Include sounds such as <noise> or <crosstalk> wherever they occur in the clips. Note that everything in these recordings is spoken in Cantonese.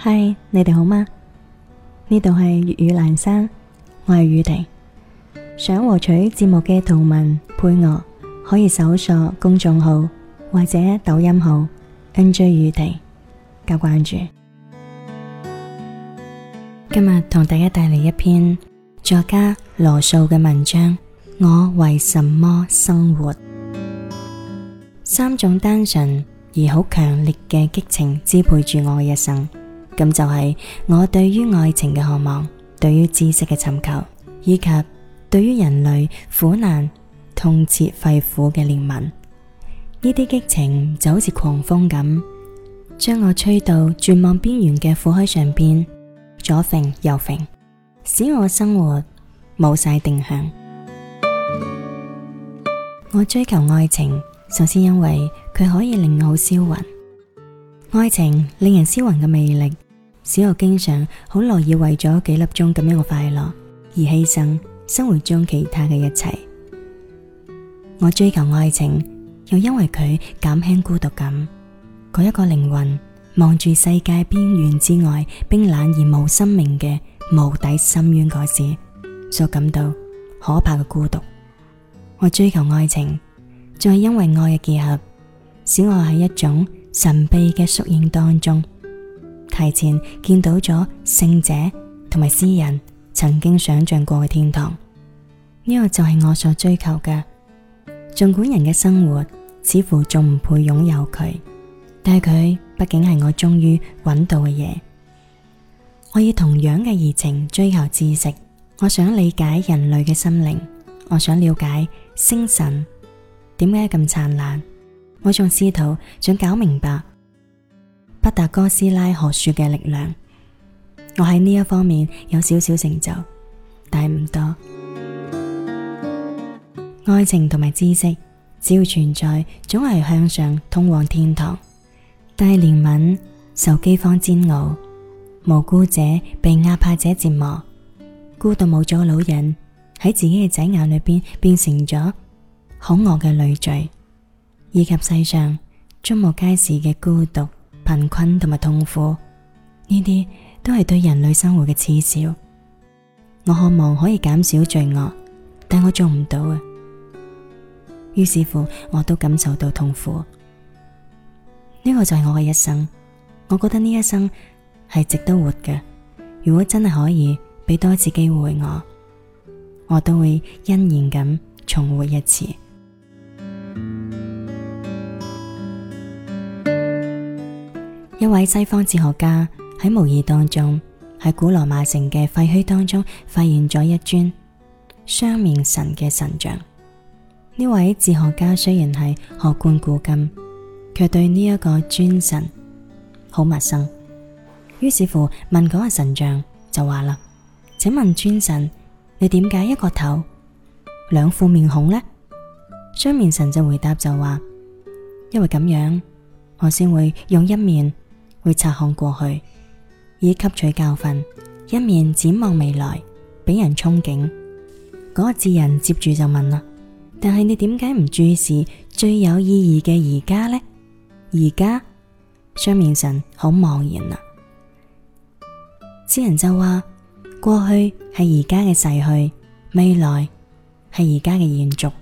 嗨，Hi, 你哋好嗎？呢度係粵語闌珊，我係宇婷。想獲取節目嘅圖文配樂，可以搜索公眾號或者抖音號 NJ 宇婷加關注。今日同大家帶嚟一篇作家羅素嘅文章《我為什麼生活》。三種單純而好強烈嘅激情支配住我嘅一生。咁就係我對於愛情嘅渴望，對於知識嘅尋求，以及對於人類苦難痛徹肺腑嘅憐憫。呢啲激情就好似狂風咁,將我吹到絕望邊緣嘅苦海上邊，左揈右揈，使我生活冇晒定向。我追求愛情，首先因為佢可以令我好銷魂。愛情令人銷魂嘅魅力。使我經常好樂意為咗幾粒鐘咁樣嘅快樂而犧牲生活中其他嘅一切。我追求愛情，又因為佢減輕孤獨感。嗰一個靈魂望住世界邊緣之外冰冷而無生命嘅無底深淵嗰時，所感到可怕嘅孤獨。我追求愛情，仲係因為愛嘅結合，使我喺一種神秘嘅縮影當中。提前見到咗聖者同埋詩人曾經想象過嘅天堂，呢個就係我所追求嘅。盡管人嘅生活似乎仲唔配擁有佢，但係佢畢竟係我終於揾到嘅嘢。我以同樣嘅熱情追求知識，我想理解人類嘅心靈，我想了解星辰點解咁燦爛，我仲試圖想搞明白。畢達哥拉斯學說嘅力量，我喺呢一方面有少少成就，但係唔多。愛情同埋知識，只要存在，總係向上通往天堂。但係憐憫、受饑荒煎熬、無辜者被壓迫者折磨、孤弱無助嘅老人喺自己嘅仔眼裏邊變成咗恐惡嘅累贅，以及世上觸目皆是嘅孤獨，貧困同埋痛苦，呢啲都係對人類生活嘅恥笑。我渴望可以減少罪惡，但我做唔到啊！於是乎，我都感受到痛苦。呢個就係我嘅一生。我覺得呢一生係值得活嘅。如果真係可以俾多次機會我，我都會欣然咁重活一次。一位西方哲學家喺無意當中喺古羅馬城嘅廢墟當中發現咗一尊雙面神嘅神像。呢位哲學家雖然係學貫古今，卻對呢一個尊神好陌生。於是乎問嗰個神像就話啦：請問尊神，你點解一個頭兩副面孔呢？雙面神就回答就話：因為咁樣，我先會用一面。會察看過去以吸取教訓，一面展望未來，俾人憧憬。嗰個智人接住就問啦，但係你點解唔注視最有意義嘅而家呢？而家雙面神好茫然啊。智人就話：過去係而家嘅逝去，未來係而家嘅延續。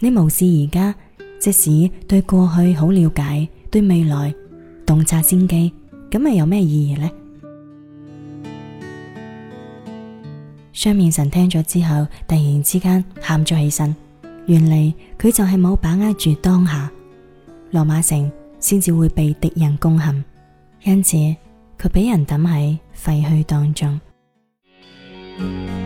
你無視而家，即使對過去好了解，對未來。洞察先機，咁咪有咩意義呢？雙面神聽咗之後，突然之間喊咗起身，原嚟佢就係冇把握住當下，羅馬城先至會被敵人攻陷，因此佢俾人抌喺廢墟當中。 <music>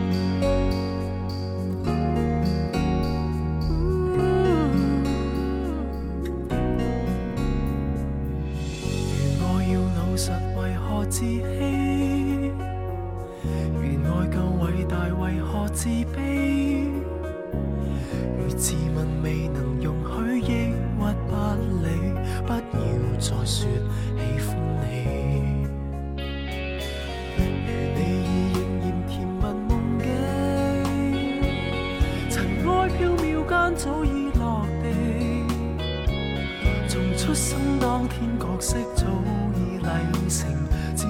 自欺，如 <music> 愛夠偉大，為何自卑？如自問未能容許抑，抑或不理，不要再説喜歡你。如你已仍然甜蜜夢境，塵埃飄渺間早已落地。從出生當天角色早已禮成。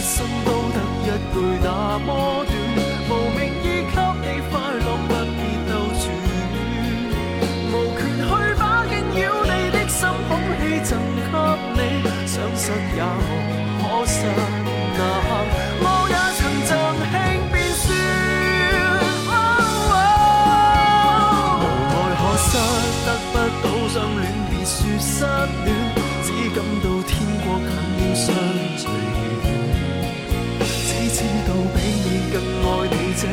一生都得一句那麼短。 <noise>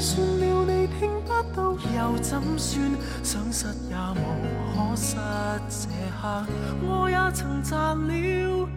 算了，你聽不到又怎算？想失也無可失，這刻我也曾賺了。